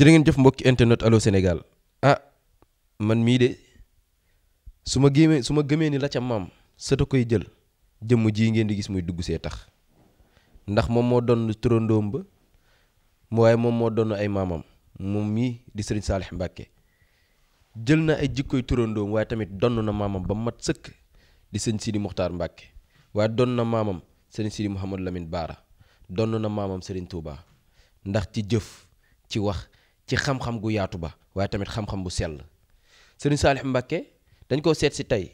jërë ngeen jëf mbokki internet allo ah, man mii de su ma gémee su ma gëmee ni la ca maam koy jël jëmm ji ngeen di gis muy dugg see tax ndax moom moo doon turandoom ba waaye moom moo doon ay maamam moom mii di sëriñ Saalix Mbàkke jël na ay jikkoy turandoom waaye tamit donn na maamam ba mat sëkk di sëñ Sidi Muxtaar Mbàkke waaye donn na maamam sëriñ Sidi Mouhamadou Lamine Baara donn na ndax ci jëf ci wax ci xam-xam gu yaatu ba waaye tamit xam-xam bu sell sëriñ Saalix Mbàkke dañ koo seet si tey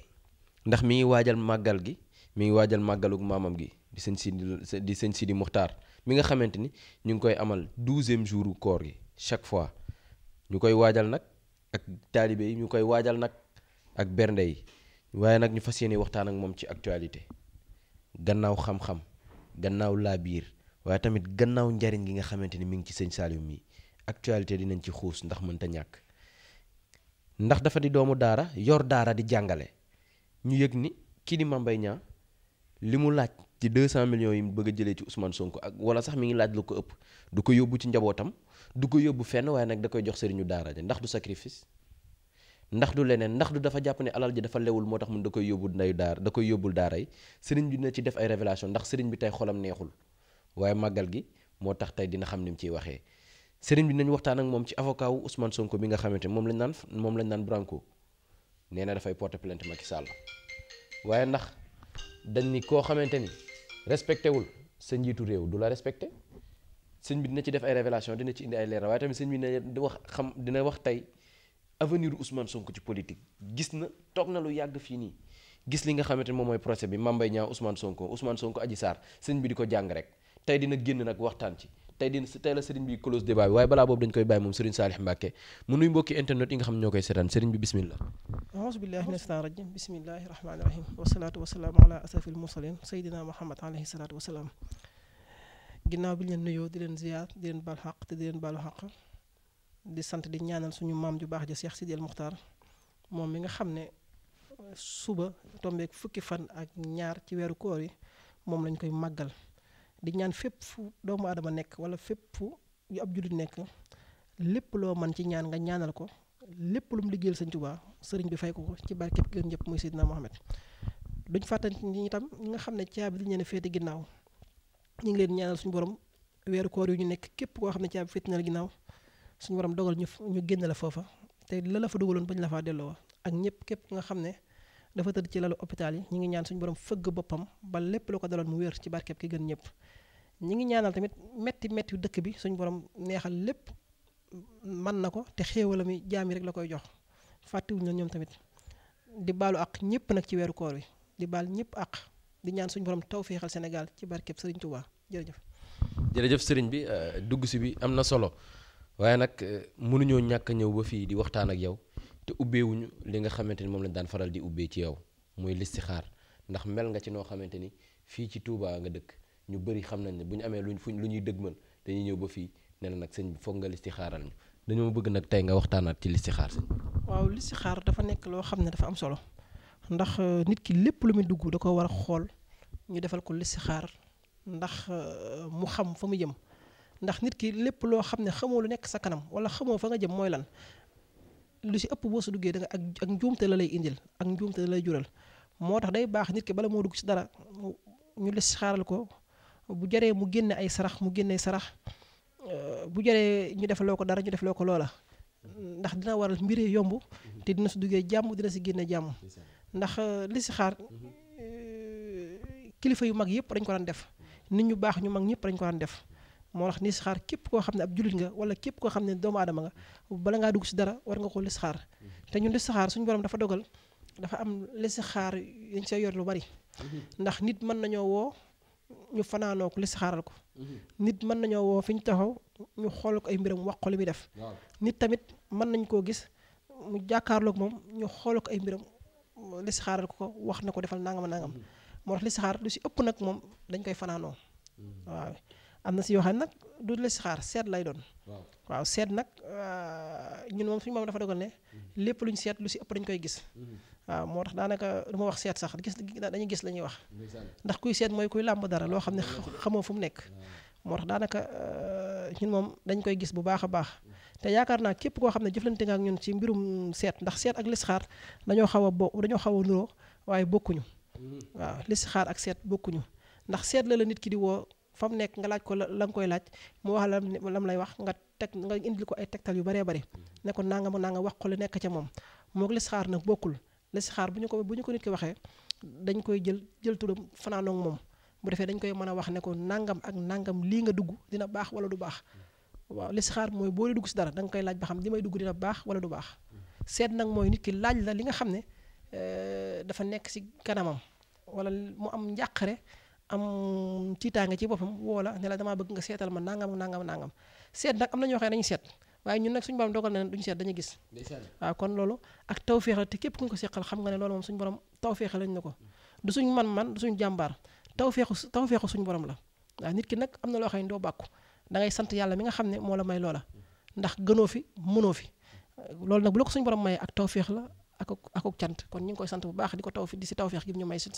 ndax mi ngi waajal màggal gi mi ngi waajal màggalug maamam gi di sëñ Sidi di sëñ Sidi Muxtaar mi nga xamante ni ñu ngi koy amal douzième jour koor gi chaque fois ñu koy waajal nag ak taalibe yi ñu koy waajal nag ak bernde yi waaye nag ñu fas yéene waxtaan ak moom ci actualité gannaaw xam-xam gannaaw laabiir waaye tamit gannaaw njariñ gi nga xamante ni mu ngi ci sëñ Saliou mi actualité dinañ ci xuus ndax mënta ñàkk ndax dafa di doomu daara yor daara di jàngale ñu yëg ni kii di Mame Mbaye Niang li mu laaj ci 200 millions yi mu bëgg a jëlee ci Ousmane Sonko ak wala sax mi ngi laaj lu ko ëpp du ko yóbbu ci njabootam du ko yóbbu fenn waaye nag da koy jox sëriñu daara ja ndax du sacrifice ndax du leneen ndax du dafa jàpp ne alal ji dafa lewul moo tax mun da koy yóbbu ndeyu daara da koy yóbbul daara yi sëriñ bi dina ci def ay révélation ndax sëriñ bi tey xolam neexul waaye màggal gi moo tax tey dina xam ni mu ciy waxee sëriñ bi nañ waxtaan ak moom ci avocat wu Ousmane Sonko bi nga xamante moom lañ naan moom lañ naan Branco nee na dafay porter plainte Macky Sall waaye ndax dañ ni koo xamante ni respecté wul sa njiitu réew du la respecté sëñ bi dina def ay révélation dina ci indi ay leeral waaye tamit sëñ bi wax xam dina wax tey avenir Ousmane Sonko ci politique gis na toog na lu yàgg fii nii gis li nga xamante moom mooy procès bi Mame Mbaye Niang Sonko Ousmane Sonko Adji Sarr sëñ bi di ko jàng rek tey dina génn nag waxtaan ci tey dina tey la sëriñ bi close débat bi waaye balaa boobu dañ koy bàyyi moom sëriñ Saalix Mbàkke mu nuy mbokki internet yi nga xam ñoo koy seetaan sëriñ bi bismillah aouzu billahi mina shaytaani rajim bismillahi rahmaani rahim wasalaatu wasalaamu ala asrafil mursalin sayyidina muhammad alayhi salaatu wasalaam ginnaaw bi leen nuyoo di leen ziyaar di leen baal xaq te di leen baalu xaq di sant di ñaanal suñu maam ju baax ja Cheikh Sidi El Muxtaar moom mi nga xam ne suba tombeek fukki fan ak ñaar ci weeru koor yi moom lañ koy màggal di ñaan fépp fu doomu aadama nekk wala fépp fu yu ab jullit nekk lépp loo man ci ñaan nga ñaanal ko lépp lu mu liggéeyal sëñ Tuubaa sëriñ bi fay ko ko ci barkeb ki gën ñëpp muy Seydina Mohamed duñ fàttali ñi itam nga xam ne caabi dañ leen féete ginnaaw ñu ngi leen ñaanal suñu borom weeru koor yu ñu nekk képp koo xam ne caabi féete na ginnaaw suñu borom dogal ñu ñu génn la foofa te la la fa dugaloon bañ la faa delloo ak ñëpp képp nga xam ne dafa tëdd ci lalu hôpital yi ñi ngi ñaan suñu borom fëgg boppam ba lépp lu ko daloon mu wér ci barkeb ki gën ñëpp ñu ngi ñaanal tamit metti metti yu dëkk bi suñ borom neexal lépp man na ko te xéewala mi jaam yi rek la koy jox fàttiwuñ la ñoom tamit di baalu ak ñëpp nag ci weeru koor wi di baal ñëpp àq di ñaan suñu borom taw féexal senegal ci barkeb Serigne Touba jërëjëf. jërëjëf sëriñ bi euh, dugg si bi am na solo waaye nag euh, mënuñoo ñàkk ñëw ba fii di waxtaan ak yow. te ubbeewuñu li nga xamante ni moom lañ daan faral di ubbee ci yow muy listixaar ndax mel nga ci noo xamante ni fii ci tuubaa nga dëkk ñu bëri xam nañ ne bu ñu amee lu fuñ lu ñuy dëgmal dañuy ñëw ba fii ne la nag sëñ bi foog nga listixaaral ñu dañoo bëgg nag tey nga waxtaanaat ci listixaar sëñ waaw listixaar dafa nekk loo xam ne dafa am solo ndax euh, nit ki lépp lu muy dugg da ko war a xool ñu defal ko listixaar ndax euh, mu xam fa mu jëm ndax nit ki lépp loo xam ne xamoo lu nekk sa kanam wala xamoo fa nga jëm mooy lan lu si ëpp boo si duggee da ak ak njuumte la lay indil ak njuumte la lay jural moo tax day baax nit ki bala moo dugg si dara ñu les xaaral ko bu jaree mu génne ay sarax mu génne sarax euh, bu jaree ñu defaloo ko dara ñu loo ko loola ndax dina waral mbiree yomb te dina si duggee jàmm dina si génne jàmm ndax euh, li si xaar mhm. euh, kilifa yu mag yëpp dañ ko daan def nit ñu baax ñu mag ñëpp dañ ko daan def moo tax lisxaar képp koo xam ne ab jullit nga wala képp koo xam ne doomu aadama nga bala ngaa dugg si dara war nga ko lisxaar mhm. te ñun lisxaar suñu borom dafa dogal dafa am lisxaar dañ see yor lu bari mhm. ndax nit mën nañoo woo ñu fanaanoo ko lisxaaral ko mhm. nit mën nañoo woo fi ñu taxaw ñu xool ko ay mbiram wax ko li muy def nit tamit mën nañ koo gis mu jàkkaarlook moom ñu xool ko ay mbiram lisxaaral ko wax na ko defal nangam nangam moo tax lisxaar lu si ëpp nag moom dañ koy fanaanoo waaw am na si yoo xam nag du listixaar seet lay doon. waaw seet nag euh, ñun moom suñu moom dafa dogal ne mm-hmm. lépp luñ seet lu si ëpp dañ koy gis. Mm-hmm. waaw moo tax daanaka du ma wax seet sax gis dañuy gis la ñuy wax. ndax kuy seet mooy kuy làmb dara loo xam ne xamoo fu mu nekk. moo tax daanaka euh, ñun moom dañ koy gis bu baax a baax te yaakaar naa képp koo xam ne jëflante nga ak ñun ci mbirum seet ndax seet ak listixaar dañoo xaw a bo dañoo xaw a nuroo waaye bokkuñu. Mm-hmm. waaw listixaar ak seet bokkuñu ndax seet la la fa mu nekk nga laaj ko la nga koy laaj mu wax la lam lay wax nga teg nga indil ko ay tegtal yu baree bari ne ko nanga mu nanga wax ko lu nekk ca moom moo listixaar nag bokkul listixaar bu ñu ko bu ñu ko nit waxee dañ koy jël jël turam moom bu defee dañ koy mën a wax ne ko nangam ak nangam lii nga dugg dina baax wala du baax waaw listixaar mooy boo dugg si dara da nga koy laaj ba xam li may dugg dina baax wala du baax seet nag mooy nit ki laaj la li nga xam ne euh, dafa nekk si kanamam wala mu am njàqare am tiitaange ci boppam woola ne la damaa bëgg nga seetal ma nangam nangam nangam seet nag am na ñoo xam ne dañu seet waaye ñun nag suñ borom dogal na ne duñu seet gis waaw kon loolu ak tawféex la te képp ku ko seqal xam nga ne loolu moom suñu borom tawféex lañ na ko du suñ man-man du suñ jàmbaar tawféexu tawféexu suñu borom la waaw nit ki nag am na loo xam ne doo bàkku da ngay sant yàlla mi nga xam ne moo la may loola ndax gënoo fi mënoo fi loolu nag bu la ko suñu borom may ak tawféex la ak ak ak cant kon ñu ngi koy sant bu baax di ko taw fi di si taw feex gi ñu may si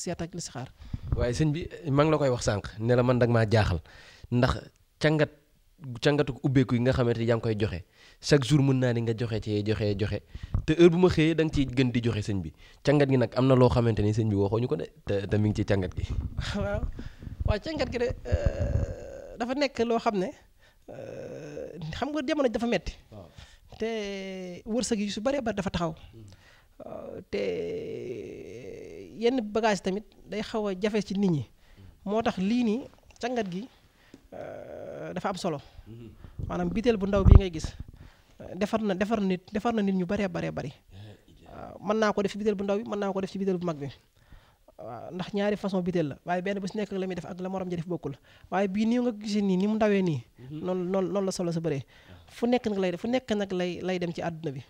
seet ak li saxaar xaar. waaye sëñ bi maa ngi la koy wax sànq ne la man dag maa jaaxal ndax cangat cangatu ubbeeku yi nga xamante ni yaa ngi koy joxe chaque jour mën naa ni nga joxe ci joxe joxe te bu ma xëyee da nga ciy gën di joxe sëñ bi cangat gi nag am na loo xamante ni sëñ bi waxoo ñu ko de te te ngi ci cangat gi. waaw waaw cangat gi de euh, dafa nekk loo xam ne euh, xam nga jamono dafa metti te wërsëg yu su baree bari dafa taxaw euh, te yenn bagage tamit day xaw a jafe ci nit ñi moo tax lii nii cangat gi euh, dafa am solo maanaam biteel bu ndaw bii ngay gis euh, defar na defar nit defar na nit ñu baree bare bari mën naa ko def ci biteel bu ndaw bi mën naa ko def ci biteel bu mag bi ndax ñaari façon biteel la waaye benn bu si nekk la muy def ak la morom ja def la waaye bii nii nga gisee nii ni mu ndawee nii mhm. noonu noonu noonu la solo sa bëree fu nekk nag lay def nekk nag lay lay dem ci àdduna bi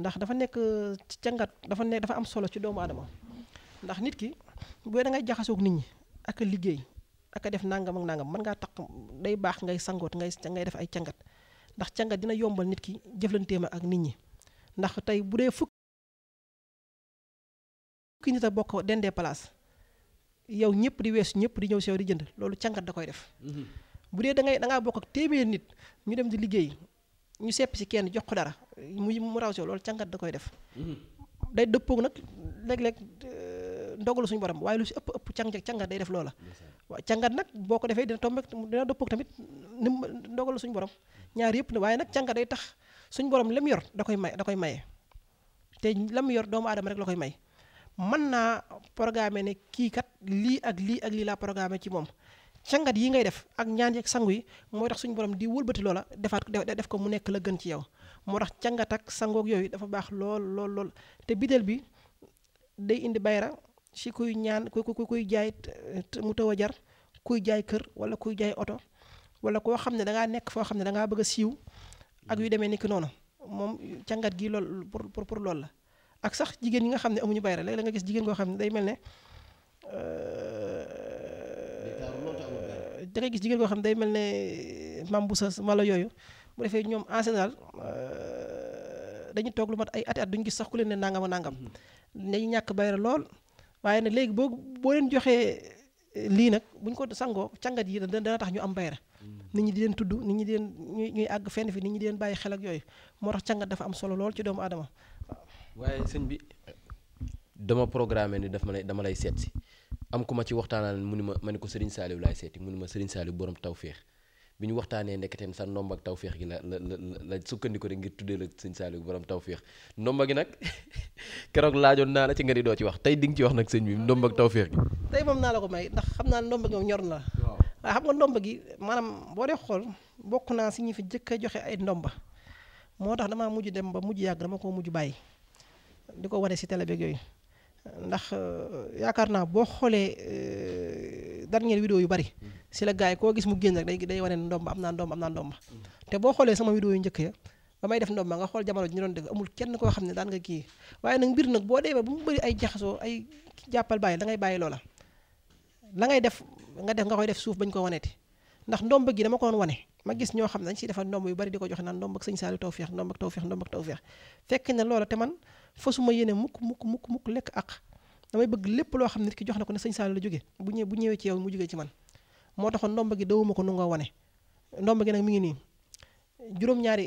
ndax dafa nekk euh, cangat dafa nekk dafa am solo ci doomu adama ndax nit ki bu da ngay jaxasoog nit ñi ak liggéey ak def nangam nangam mën ngaa taq day baax ngay sangoot ngay ngay def ay cangat ndax cangat dina yombal nit ki jëflanteema ak nit ñi ndax tey bu dee fukki nit a bokk dendee place yow ñëpp di weesu ñëpp di ñëw si yow di jënd loolu cangat da koy def mm-hmm. bu dee da ngay da ngaa bokk ak téeméer nit ñu dem di liggéey ñu sepp si kenn jox ko dara muy mu raw si loolu càngat da koy def. Mm-hmm. day dëppoog nag léeg-léeg euh, ndogalu suñu borom waaye lu si ëpp ëpp càngat càngat day def loola. waaw càngat nag boo ko defee dina tombe dina dëppoog tamit ni mu borom ñaar yëpp na waaye nag càngat day tax suñu borom lam yor da koy may da koy maye. te lam yor doomu aadama rek la koy may man naa programme ne kii kat lii ak lii ak lii laa programme ci moom. cangat yi ngay def ak ñaan yeeg sangu yi mooy tax suñu borom di wëlbati loola defaat def ko mu nekk la gën ci yow moo tax cangat ak sangoog yooyu dafa baax lool lool lool te bideel bi day indi bayra si kuy ñaan ku kuy jaay mu taw a jar kuy jaay kër wala kuy jaay oto walla koo xam ne da ngaa nekk foo xam ne da bëgg a siiw ak yu demee ni ki noonu moom cangat gi lool pour pour pour loolu la ak sax jigéen yi nga xam ne amuñu bayra léeg la nga gis jigéen koo xam ne day mel ne euh, te ngay gis jigéen koo xam ne day mel ne euh, mam bu sas mala yooyu bu defee ñoom en général euh, dañuy toog lu mat ay ati at duñu gis sax ku leen ne nangam a nangam mm-hmm. dañuy ñàkk bayra lool waaye nag léegi boo boo leen joxee euh, lii nag buñ ko sangoo cangat yi dana tax ñu am bayra mm-hmm. nit ñi di leen tudd nit ñi deen leen ñuy àgg fenn fi nit ñi di bàyyi xel ak yooyu moo tax càngat dafa am solo lool ci doomu aadama waaye sëñ bi dama programmé ni daf ma lay dama lay seet si am ku ma ci waxtaanal mu ni ma ma ne ko Serigne Saliou laay seeti mu ni ma Serigne Saliou borom tawféex bi ñu waxtaanee ndekketeem sa ndomba ak tawféex gi la la la la sukkandiku rek ngir tuddee la Serigne Saliou borom tawféex ndomba gi nag keroog laajoon naa la ci nga di doo ci wax tey di nga ci wax nag sëñ bi ndomba ak tawféex gi. tey moom naa la ko may ndax xam naa ndomba gi moom ñor na la. waaw xam nga ndomba gi maanaam boo dee xool bokk naa si ñu fi jëkk a joxe ay ndomba moo tax damaa mujj dem ba mujj yàgg dama ko mujj bàyyi di ko wane si télé yooyu ndax euh, yaakaar naa boo xoolee euh, dernière vidéo yu bari si la gars yi koo gis mu génn rek day wane ndomba am naa ndomba am naa ndomba te boo xoolee sama vidéo yu njëkk ya ba may def ndomba nga xool jamono ji ñu doon def amul kenn koo xam ne daan nga kii waaye nag mbir nag boo demee bu mu bëri ay jaxasoo ay da ngay bàyyi loola la ngay def nga def nga koy def suuf bañ ko waneeti ndax ndomba gi dama ko doon wane ma gis ñoo xam ne dañ siy defar ndomb yu bari di ko joxe naan ndomb ak sëñ Saliou tawfeex ndomb ak tawfeex ndomb ak tawfeex fekk na loola te man fasuma yéene mukk mukk mukk mukk lekk ak damay bëgg lépp loo xam ne ki jox na ko ne sëñ Saliou la jóge bu ñëwee bu ñëwee ci yow mu jógee ci man moo taxoon ndomba gi dawuma ko nu wane ndomba gi nag mi ngi nii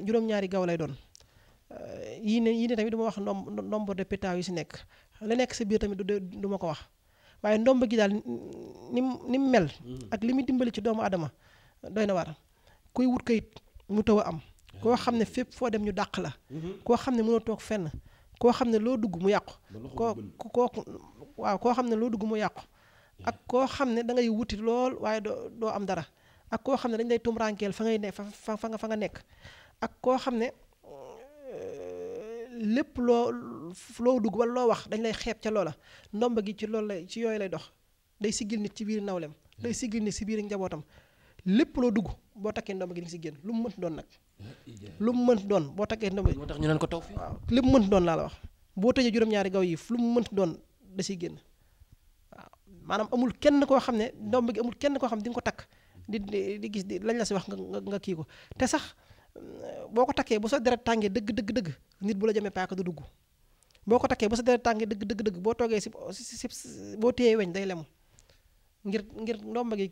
juróom-ñaari gaw lay doon yii ne yii ne tamit du wax ndomb ndomb de pétaaw yi si nekk la nekk sa biir tamit du ma ko wax waaye ndomb gi daal ni mu ni mu mel mm. ak li muy dimbali ci doomu adama doy na war kuy wut kayit mu taw a am koo xam ne fépp foo dem ñu dàq la mm-hmm. koo xam ne mënoo toog fenn koo xam ne loo dugg mu yàqu. koo koo waaw koo xam ne loo dugg mu yàqu. ak koo xam ne dangay wuti lool waaye doo doo am dara ak koo xam ne dañ lay tumuraankeel fa ngay ne fa fa fa nga nekk ak koo xam ne euh, lépp loo loo dugg wala loo wax dañ lay xeeb ca loola ndomba gi ci loolu lay ci yooyu lay dox day siggil nit ci biir nawlem day siggil nit ci biir njabootam lépp loo dugg boo takkee ndomba gi di si génn lu mu mën doon nag. lu mu mënti doon boo takkee ndëmb moo tax ñu naan ko taw waaw li mu mënti doon laa la wax boo tëjee juróom-ñaari gaw yi lu mu mënti doon da siy génn waaw maanaam amul kenn koo xam ne ndomb gi amul kenn koo xam ne di nga ko takk di di gis di lañ la si wax nga nga kii ko te sax boo ko takkee bu sa deret tàngee dëgg dëgg dëgg nit bu la jamee paaka du dugg boo ko takkee bu sa deret tàngee dëgg dëgg dëgg boo toogee si si boo téyee weñ day lemu ngir ngir ndomb gi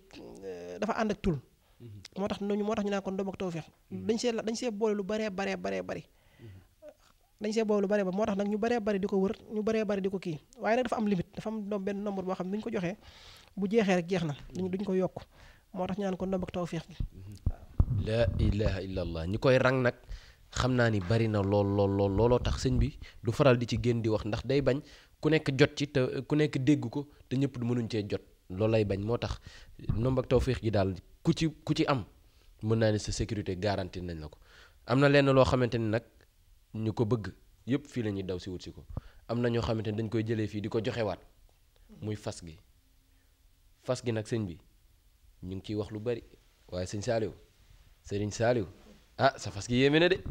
eh, dafa ànd ak tul Mm-hmm. moo tax ñu moo tax ñu naan kon doom ak tawféex mm-hmm. dañ see dañ see boole lu baree baree baree bari mm-hmm. dañ see boole lu baree ba moo tax nag ñu baree bari di ko wër ñu baree bari di ko kii waaye nag dafa am limite dafa am doom benn nombre boo xam ne bu ñu ko joxee bu jeexee rek jeex na duñ ko yokk moo tax ñu naan kon doom ak tawféex gi la ilaha illa allah ñi koy rang nag xam naa ni bari na lool lool lool looloo tax sëñ bi du faral di ci génn di wax ndax day bañ ku nekk jot ci te ku nekk dégg ko te ñëpp du cee jot loolu lay bañ moo tax nomb ak tawféex gi daal ku ci ku ci am mën naa ne sa sécurité garantie nañ la ko am na lenn loo xamante ni nag ñu ko bëgg yépp fii la ñuy daw si wut ko am na ñoo xamante ni dañ koy jëlee fii di ko joxewaat muy fas gi fas gi nag sëñ bi ñu ngi ciy wax lu bari waaye sëñ Saaliw sëriñ Saaliw ah sa fas gi yéeme na de.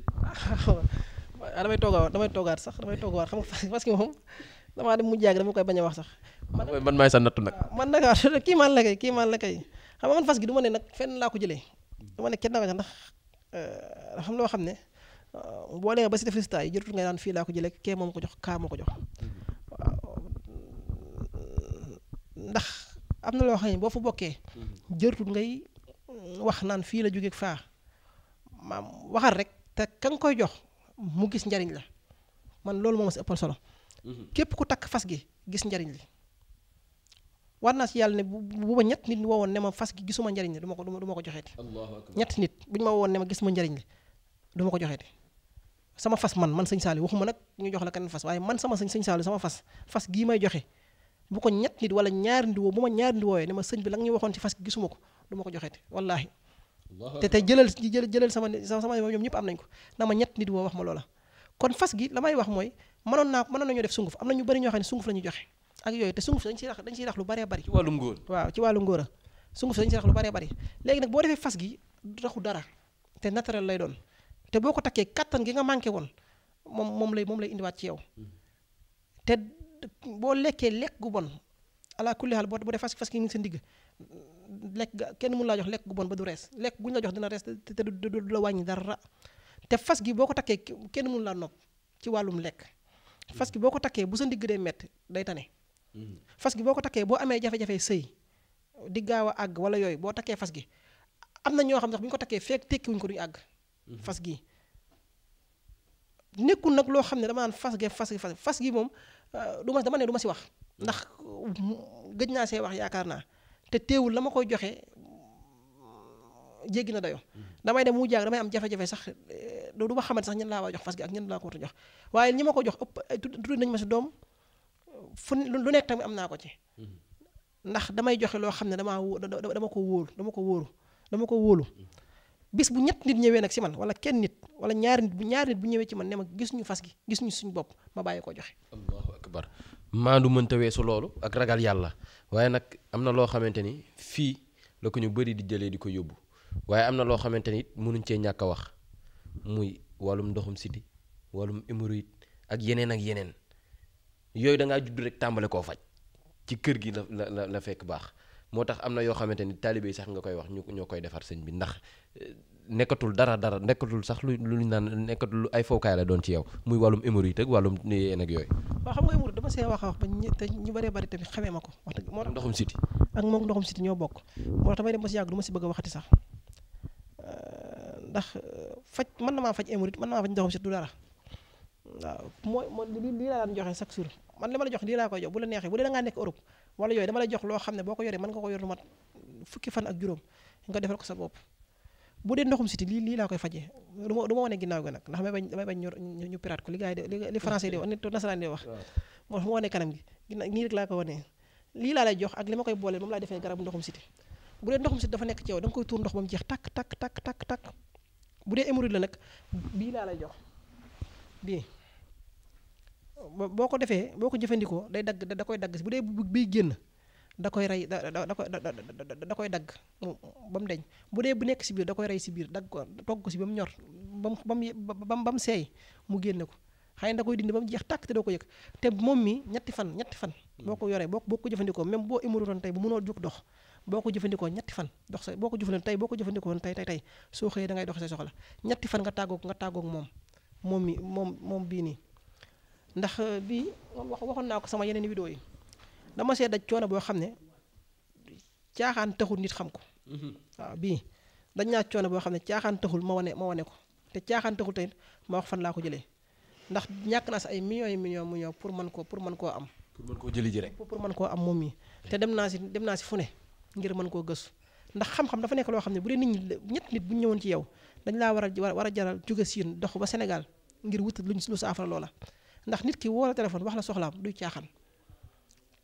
ah damay toogaat damay toogaat sax damay toogaat xam nga fas gi moom damaa dem mu jàng dama koy bañ a wax sax. man maay sa nattu nag man nag kii maan la kay kii maan la kay xam nga man fas gi du ma ne nag fenn laa ko jëlee du ma ne kenn naka ndax xam euh, loo xam ne euh, boo demee ba si def résultat yi jërëtul fii laa ko jëlee kee moom ko jox kaa ko jox waaw ndax am na loo xam boo fa bokkee jërëtul ngay mm, wax naan fii la jógee faa maam waxal rek te ka nga koy jox mu gis njariñ la man loolu moom si ëppal solo mhm. képp ku takk fas gi gis njariñ li war naa si yàlla ne bu ma ñett nit woowoon ne ma fas gi gisuma njariñ la du ma ko du ma ko joxeeti ñett nit bu ñu ma woowoon ne ma gisuma njariñ la ko joxeeti sama fas man man sëñ Saliou waxuma nag ñu jox la keneen fas waaye man sama sëñ sëñ Saliou sama fas fas gii may joxe bu ko ñett nit wala ñaari nit woo bu ma bi la nga ñu waxoon ci fas gi gisuma ko du ma ko joxeeti wallaahi te tey jëlal jël jëlal sama sama ñoom ñëpp am nañ ko na ma ñett nit woo wax ma loola kon fas gi la may wax mooy mënoon naa mënoon nañoo def sunguf am na ñu bëri ñoo xam ne sunguf la ñu joxe ak yooyu te sunguf dañ ciy rax dañ ciy rax lu bëree bëri. wàllu ngóor waaw ci wàllu ngóor a sunguf dañ ciy rax lu bëree bari léegi nag boo defee fas gi raxu dara te naturel lay doon te boo ko takkee kattan gi nga manqué woon moom moom lay moom lay indiwaat ci yow te boo lekkee lekk gu bon ala kulli boo bu dee fas fas gi ngi seen digg lekk kenn mënu laa jox lekk gu bon ba du rees lekk guñu la jox dina rees te du la wàññi dara te fas gi boo ko takkee kenn mënu laa nopp ci wàllum lekk fas gi boo ko takkee bu sa ndigg dee mett day tane fas gi boo ko takkee boo amee jafe-jafe sëy di gaaw a àgg wala yooyu boo takkee fas gi am na ñoo xam ne bu ñu ko takkee fekk tekkiwuñ ko duñu àgg mhm. fas gi nekkul nag loo xam ne dama naan fas gi fas fas gi moom euh, du ma dama ne du si wax ndax gëj naa see wax yaakaar naa te teewul la ma koy joxe jéggi na dayo mhm. damay dem mu jaag damay am jafe-jafe sax du ma xamante sax ñen laa waa jox fas gi ak ñen laa ko war a jox waaye ñi ma ko jox ëpp nañ ma si doom fu lu nekk tamit am naa ko ci mhm. ndax damay joxe loo xam ne damaa dama ko wóolu dama ko wóoru dama ko wóolu mhm. bis bu ñett nit ñëwee nag si man wala kenn nit wala ñaari nit bu ñaari bu ñëwee ci man ne mag gis ñu fas gi gis ñu suñu bopp ma bàyyi ko joxe allahu akbar maandu mënta weesu loolu ak ragal yàlla waaye nag am na loo xamante ni fii la ko ñu bëri di jëlee di ko yóbbu waaye am na loo xamante ni mënuñ cee ñàkk wax muy wàllum ndoxum siti wàllum hémorroïde ak yeneen ak yeneen yooyu dangaa ngaa judd rek tàmbale koo faj ci kër gi la la la la fekk baax moo tax am na yoo xamante ni taalibe yi sax nga koy wax ñu ñoo koy defar sëñ bi ndax eh, nekkatul dara dara nekkatul sax lu lu ñu naan nekkatul ay fowkaay la doon ci yow muy wàllum hémorroïde ak wàllum yéen ak yooyu. waaw xam nga hémorroïde dama a wax ba ñu te ñu bëree bëri ma ko. wax dëgg moo tax ndoxum siti ak moom ndoxum siti ñoo bokk moo tax damay dem a mën na maa faj hémorroïde mën na maa faj ndoxum siti du dara waaw laa daan joxe chaque jour man li ma la jox lii laa koy jox bu la neexee bu dee da ngaa nekk Europe wala yooyu dama lay jox loo xam ne boo ko yoree mën nga ko yor lu mat fukki fan ak juróom nga defal ko sa bopp bu dee ndoxum siti lii lii laa koy fajee du ma du ko li gars yi de li français di wax nit nasaraan moo ma wane kanam gi ginnaaw nii ko wane lii laa lay jox ak li ma koy booleel moom laa defee garab ndoxum siti bu dee ndoxum dafa nekk ci yow da nga koy tuur ndox ba mu jeex takk takk takk bu dee hémorroïde la nag bii laa lay jox boo ko defee boo ko jëfandikoo day dagg da koy dagg bu dee biy génn da koy rey da da koy da koy dagg ba mu deñ bu dee bu nekk si biir da koy rey si biir dagg ko togg ko si ba mu ñor ba mu ba mu ba mu seey mu génne ko xëy da koy dindi ba jeex tàkk te doo ko yëg te moom mi ñetti fan ñetti fan. boo ko yoree boo boo ko jëfandikoo même boo imurutoon tey bu mënoo jug dox boo ko jëfandikoo ñetti fan dox sa boo ko jëfandikoo tey boo ko jëfandikoo tey tey tey soo xëyee da ngay dox say ñetti fan nga tàggoog nga tàggoog moom moom mi moom bii nii ndax euh, bii wax waxoon naa ko sama yeneen vidéo yi dama see daj coono boo xam ne caaxaan taxul nit xam ko. Mhm. bii dañ naa boo xam ne caaxaan taxul ma wane ma wane ko te caaxaan taxul tamit ma wax fan laa ko jëlee ndax ñàkk naa si ay millions yi millions mu ñëw pour mën koo pour mën koo am. pour mën koo jëli ji pour mën koo am moom mii te dem naa si dem naa si fu ne ngir mën koo gëstu ndax xam-xam dafa nekk loo xam ne bu dee nit ñi ñett nit bu ñu ñëwoon ci yow dañ laa war a war a jaral jóge siin dox ba senegal ngir wut luñ lu saafara loola ndax nit ki woo la téléphone wax la soxlaam duy caaxaan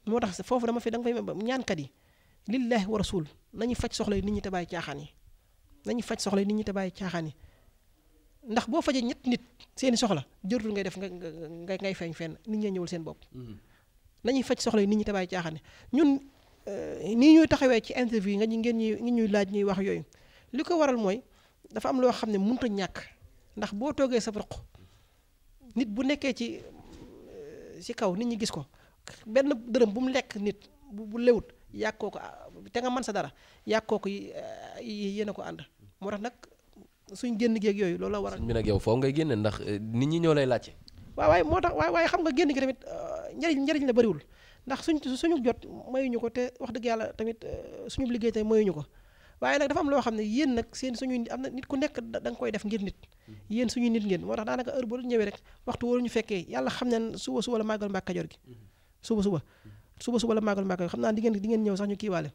moo tax foofu dama fi da nga fay ñaankat yi lillahi wa rasul nañu faj soxla yi nit ñi te bàyyi caaxaan yi nañu faj soxla yi nit ñi te bàyyi caaxaan yi ndax boo fajee ñett nit seeni soxla jërtul ngay def nga ngay ngay feeñ fenn nit ñee ñëwul seen bopp. Mm-hmm. nañuy faj soxla yi nit ñi te bàyyi caaxaan yi ñun euh, nii ñuy taxawee ci interview nga ñu ngeen ñuy ñuy laaj ñuy wax yooyu li ko waral mooy dafa am loo xam ne mun a ñàkk ndax boo toogee sa roq nit bu nekkee ci euh, ci kaw nit ñi gis ko benn dërëm bu mu lekk nit bu lewut yàq ko te nga mën sa dara yàq kooku yéen a ko ànd moo tax nag suñ génn géeg yooyu loolu la war a. bi nag yow foo ngay génne ndax euh, nit ñi ñoo lay laajte. waaw waaye moo tax waaye waaye xam nga génn gi tamit euh, njëriñ njëriñ la bariwul ndax suñ suñu jot mayuñu ko te wax dëgg yàlla tamit suñu liggéey tamit mayuñu ko. waaye nag dafa am loo xam ne yéen nag seen suñuy am na nit ku nekk da koy def ngir nit mm-hmm. yéen suñuy nit ngeen moo tax daanaka heure boo leen ñëwee rek waxtu woo ñu fekkee yàlla xam ne suba suba la màggal Mbàkke Kajoor gi mm-hmm. suba suba mm-hmm. suba suba la màggal Mbàkke xam naa di ngeen di ngeen ñëw sax ñu kii waale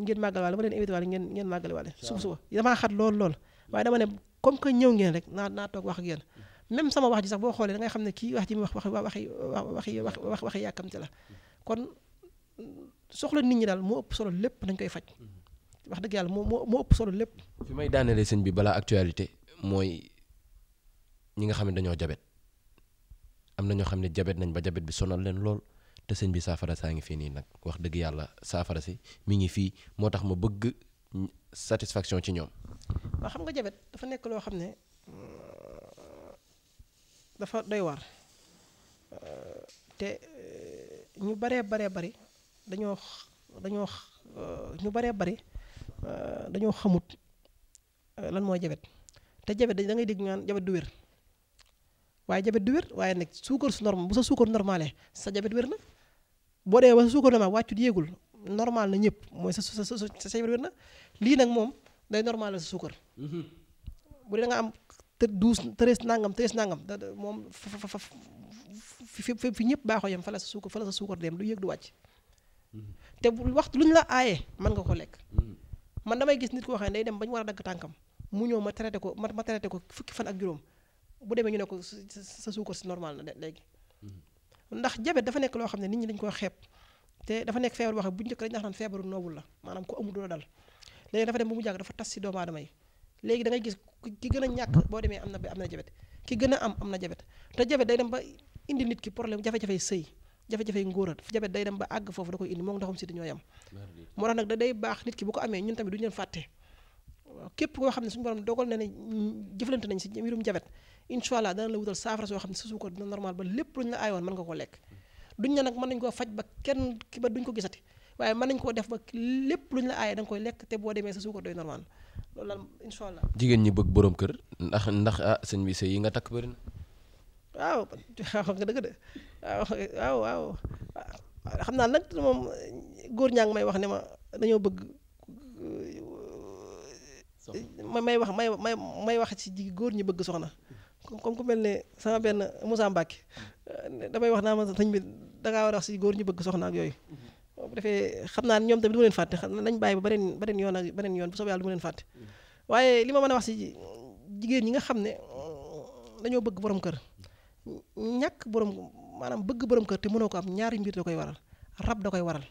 ngeen màggal waale ma leen invité waale ngeen ngeen màggale waale suba suba damaa xat lool lool waaye dama ne comme que ñëw ngeen rek naa naa toog wax ak yéen même sama wax ji sax boo xoolee da ngay xam ne kii wax ji mu wax wax waxi waxi wax waxi yàkkamte la kon soxla nit ñi daal moo ëpp solo lépp dañ koy faj wax dëgg yàlla moo moo ëpp solo lépp. fi may daanelee sëñ bi balaa actualité mooy ñi nga xam ne dañoo jabet am na ñoo xam ne jabet nañ ba jabet bi sonal leen lool te sëñ bi saafara saa ngi fii nii nag wax dëgg yàlla saafara si mu ngi fii moo tax ma bëgg satisfaction ci ñoom. waaw xam nga jabet dafa nekk loo xam ne euh, dafa doy waar euh, te euh, ñu baree baree bari dañoo dañoo ñu baree bari Euh, dañoo xamut euh, lan mooy jabet te jabet da ngay dégg ñaan jabet du wér waaye jabet du wér waaye nag suukar su normal bu sa suukar normalé sa jabet wér na boo dee ba sa suukar yéegul normal na ñëpp mooy sa sa sa sa lii nag moom day normal suukar. Mm-hmm. bu dee nga am te douze treize nangam treize nangam da moom fa fa ñëpp baaxoo yem fa la sa suukar fa dem du yéeg du wàcc. Mm-hmm. te waxtu lu ñu la aayee mën nga ko lekk. Mm-hmm. man damay gis nit ko xam ne day dem ba ñu war a dagg tànkam mu ñëw ma traité ko ma ma traité ko fukki fan ak juróom bu demee ñu ne ko sa suukar si normal na léegi mm-hmm. ndax jabet dafa nekk loo xam ne nit ñi dañ koo xeeb te dafa nekk feebar boo xam ne bu njëkk dañ naan feebaru noobul la maanaam ku amul doo dal léegi dafa dem ba mu jàgg dafa tas si doomu aadama yi léegi da ngay gis ki gën a ñàkk boo demee am na am na jabet ki gën a am am na jabet te jabet day dem ba indi nit ki problème jafe-jafe sëy jafe-jafe ngóoral jabet day dem ba àgg foofu da koy indi moom ndoxum siti ñooy am moo tax da day baax nit ki bu ko amee ñun tamit du ñu leen fàtte waaw koo xam ne suñu borom dogal na ne jëflante nañ si mbirum jabet incha allah dana la saafara soo xam ne sa suukar dina normal ba lépp luñ la aayoon mën nga ko lekk koo faj ba kenn ki ba duñ ko gisati waaye mën nañ koo def ba lépp luñ la da koy lekk te boo demee sa suukar doy normal loolu daal incha jigéen ñi bëgg borom kër ndax ndax ah sëñ yi nga takk bëri na waaw nga dëgg de waaw waaw xam naa nag moom góor ñaa ngi may wax ne ma dañoo bëgg ma may wax may may may wax ci ji góor ñi bëgg soxna comme ku mel ne sama benn Moussa Mbacke euh, damay wax naa ma sax sëñ bi dangaa war a si góor ñi bëgg soxna ak yooyu mm-hmm. bu xam naa ñoom tamit du ma leen fàtte xam nañ bàyyi ba beneen beneen yoon ak beneen yoon bu soobee yàlla du ma leen fàtte mm-hmm. waaye li ma mën a wax si jigéen ñi nga xam ne dañoo bëgg boroom kër ñàkk borom maanaam bëgg borom kër te mënoo ko am ñaari mbir da koy waral rab da koy waral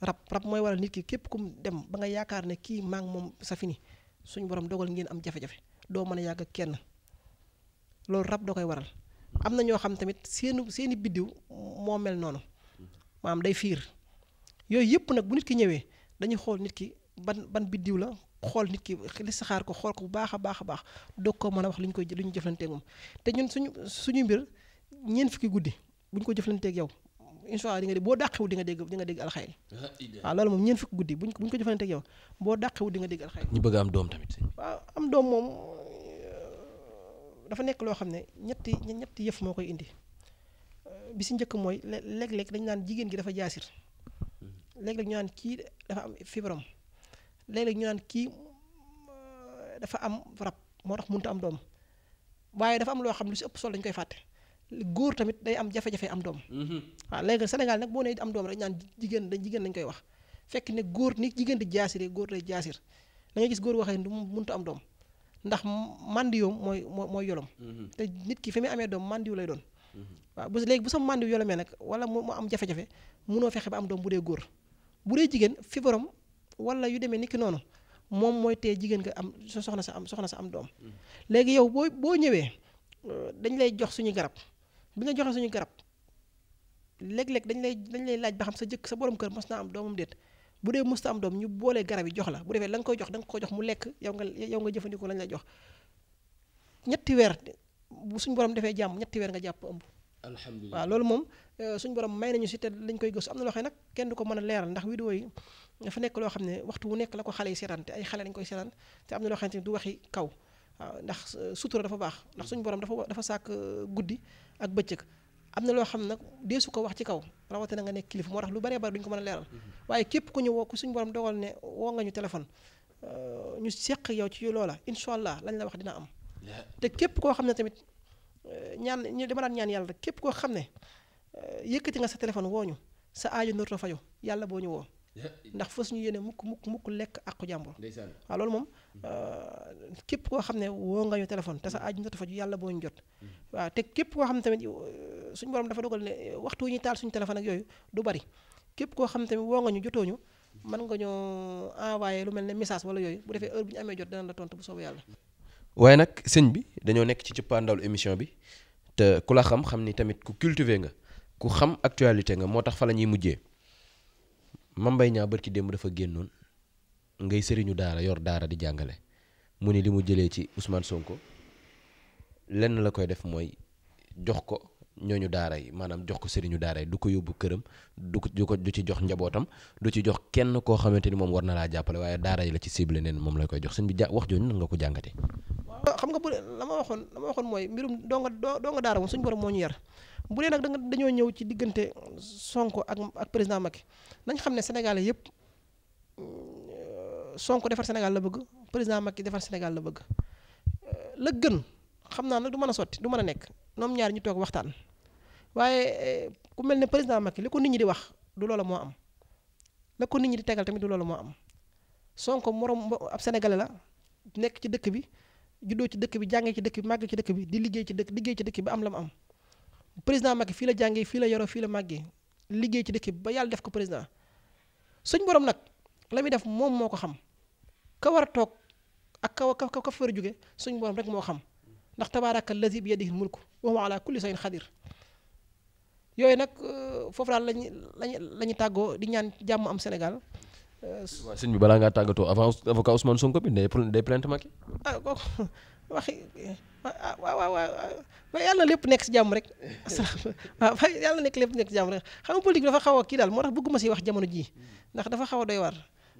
rab rab mooy waral nit ki képp kum dem ba nga yaakaar ne kii maa moom sa fini suñu borom dogal ngeen am jafe-jafe doo mën a yàgg kenn loolu rab da koy waral am na ñoo xam tamit seenu seeni biddiw moo mel noonu maanaam day fiir yooyu yëpp nag bu nit ki ñëwee dañuy xool nit ki ban ban biddiw la xool nit ki li saxaar ko xool ko bu baax a baax a baax doog ko mën a wax lu ñu koy lu ñu jëflanteeg moom te ñun suñu suñu mbir ñeent fukki guddi bu ñu ko jëflanteeg yow incha allah di nga dégg boo dàqewu di nga dégg di nga dégg alxayri waaw loolu moom ñeent fukki guddi bu ñu ko jëflanteeg yow boo dàqewu di nga dégg alxayri ñu bëgg am doom tamit am doom moom dafa nekk loo xam ne ñetti ñetti yëf moo koy indi bi si njëkk mooy léeg-léeg dañu naan jigéen gi dafa jaasir léeg-léeg kii dafa am fibrom léeg-léeg ñu naan kii dafa am rab moo tax mënut a am doom waaye dafa am loo xam lu si ëpp solo dañu koy fàtte góor tamit day am jafe-jafe am doom. Mm-hmm. waaw léegi Sénégal nag boo nee am doom rek ñaan jigéen dañ jigéen lañ koy wax fekk ne góor ni jigéen di jaasire góor day jaasir da gis góor waxee du mënut am doom ndax mandiyoom mooy mooy mooy yolom. Mm-hmm. te nit ki fi muy amee doom mandiw lay doon. Mm-hmm. waaw bu léegi bu sa mandiw yolomee nag wala mu am jafe-jafe munoo fexe bi am doom bu dee góor bu dee jigéen fi borom wala yu demee ni ki noonu moom mooy tee jigéen nga am soxna sa am soxna sa am doom. léegi yow boo boo ñëwee euh, dañ lay jox suñu garab. bi nga joxe suñu garab lekk léeg dañ lay dañ lay laaj ba xam sa jëkk sa borom kër mos naa am doomam déet bu dee mos ta am doom ñu boole garab yi jox la bu defee la nga koy jox da ko jox mu lekk yow nga yow nga jëfandikoo lañ la jox ñetti weer bu suñu borom defee jàmm ñetti weer nga jàpp ëmb. alhamdulilah waaw loolu moom euh, suñu borom may nañu si te lañ koy gëstu am na loo xam nag kenn du ko mën a leeral ndax vidéo yi dafa nekk loo xam ne waxtu wu nekk la ko xale yi seetaan te ay xale lañ koy seetaan te am na loo xam ne du waxi kaw waaw ndax euh, sutura dafa baax ndax suñu borom dafa dafa sàkk euh, guddi ak bëccëg am na loo xam nag deesu ko wax ci kaw rawatina nga nekk kilifa moo tax lu baree bari duñ ko mën a leeral mm-hmm. waaye képp ku ñu woo ku suñu borom dogal ne woo nga ñu téléphone euh, ñu seq yow ci loola incha allah lañ la wax dina am te képp koo xam ne tamit ñaan ñu dama daan ñaan yàlla rek képp koo xam ne yëkkati nga sa téléphone woo ñu sa aajo norto fayu yàlla boo ñu woo ndax fa fas ñu yéene mukk mukk mukk lekk àqu jàmbur waaw loolu moom euh, képp koo xam ne woo nga téléphone te sa aaju jot fa ju yàlla boo ñu jot mm-hmm. waaw te képp koo xam ne tamit euh, suñu borom dafa dogal ne euh, waxtu wu ñuy taal suñu téléphone ak yooyu du bari képp koo xam ne tamit woo nga ñu jotoo ñu mm-hmm. mën nga ñoo envoyé lu mel ne message wala yooyu bu defee heure bu ñu amee jot dana la tontu bu soobee yàlla mm-hmm. waaye nag sëñ bi dañoo nekk ci cëppaandawlu émission bi te ku la xam ni tamit ku cultivé nga ku xam actualité nga moo tax fa la ñuy mujjee Mame ñaa Niang barki démb dafa génnoon ngay sëriñu daara yor daara di jàngale mu ni li mu jëlee ci Ousmane ko lenn la koy def mooy jox ko ñooñu daara yi maanaam jox ko sëriñu daara yi du ko yóbbu këram du ko du ko du ci jox njabootam du ci jox kenn koo xamante ni moom war na laa jàppale waaye daara yi la ci cible nen moom la koy jox sëñ bi ja wax jooju nan nga ko jàngate xam nga bu dee la ma waxoon la waxoon mooy mbirum donga donga daara moom suñu borom moo ñu bu dee nag da dañoo ñëw ci diggante Sonko ak ak président Macky nañ xam ne Sénégalais yëpp euh, Sonko defar Sénégal la bëgg président Macky defar Sénégal la bëgg euh, la gën xam naa nag du mën a sotti du mën a nekk ñoom ñaar ñu toog waxtaan waaye eh, ku mel ne président Macky li ko nit ñi di wax du loola moo am la ko nit ñi di tegal tamit du loola moo am Sonko morom ab sénégalais la nekk ci dëkk bi juddoo ci dëkk bi jàngee ci dëkk bi màggee ci dëkk bi di liggéey ci dëkk liggéey ci dëkk am la mu am président Macky fii la jàngee fii la yoroo fii la màggee liggéey ci dëkk bi ba yàlla def ko président suñ borom nag la muy def moom moo ko xam ka toog ak ka ka ka rek moo xam. ndax tabaaraka allazi bi yadihi mulku wa huwa ala kulli shay'in xadir yooyu nag euh, foofu daal lañu lañu tàggoo di ñaan jàmm am Sénégal. Euh, waaw sëñ bi balaa ngaa tàggatoo avant avocat Ousmane Sonko bi day day plainte Macky. ah kooku waxi waaw yàlla na lépp nekk si jàmm rek waaw yàlla na nekk lépp nekk si jàmm rek xam nga politique bi dafa xaw a kii daal moo tax bëgguma si wax jamono jii ndax dafa xaw a doy waar.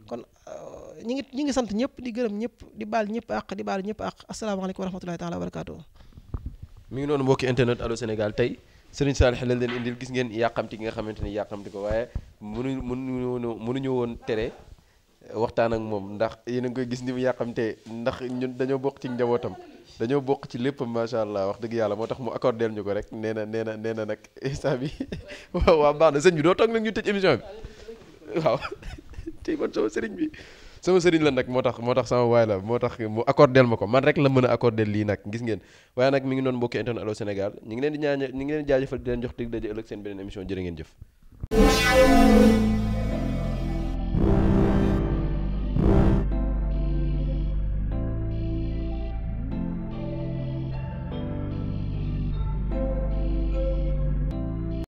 kon euh, ñi ngi ñi ngi sant ñëpp di gërëm ñëpp di baal ñëpp àq di baal ñëpp àq asalaamaaleykum wa rahmatulahi taala barakaatu. mi ngi noonu mbokki internet Allô Sénégal tey Serigne Saliou lañ leen indil gis ngeen yàqamti gi nga xamante ni yàqamti ko waaye mënuñu mënuñu mënuñu woon tere waxtaan ak moom ndax yéen a koy gis ni mu yàqamtee ndax ñun dañoo bokk ci njabootam dañoo bokk ci lépp macha allah wax dëgg yàlla moo tax mu accordeel ñu ko rek nee na nee na nee na nag instant bi waaw baax na sëñ bi doo toog nag ñu tëj émission bi waaw tey man sama sëriñ bi sama sëriñ la nag moo tax moo tax sama waay la moo tax mu accordel ma ko man rek la mën a accordel lii nag gis ngeen waaye nag mi ngi noonu mbokki internet Allô Sénégal ñu ngi leen di ñaan ñu ngi leen di jaajëfal di leen jox dig daje ëllëg seen beneen émission jërë ngeen jëf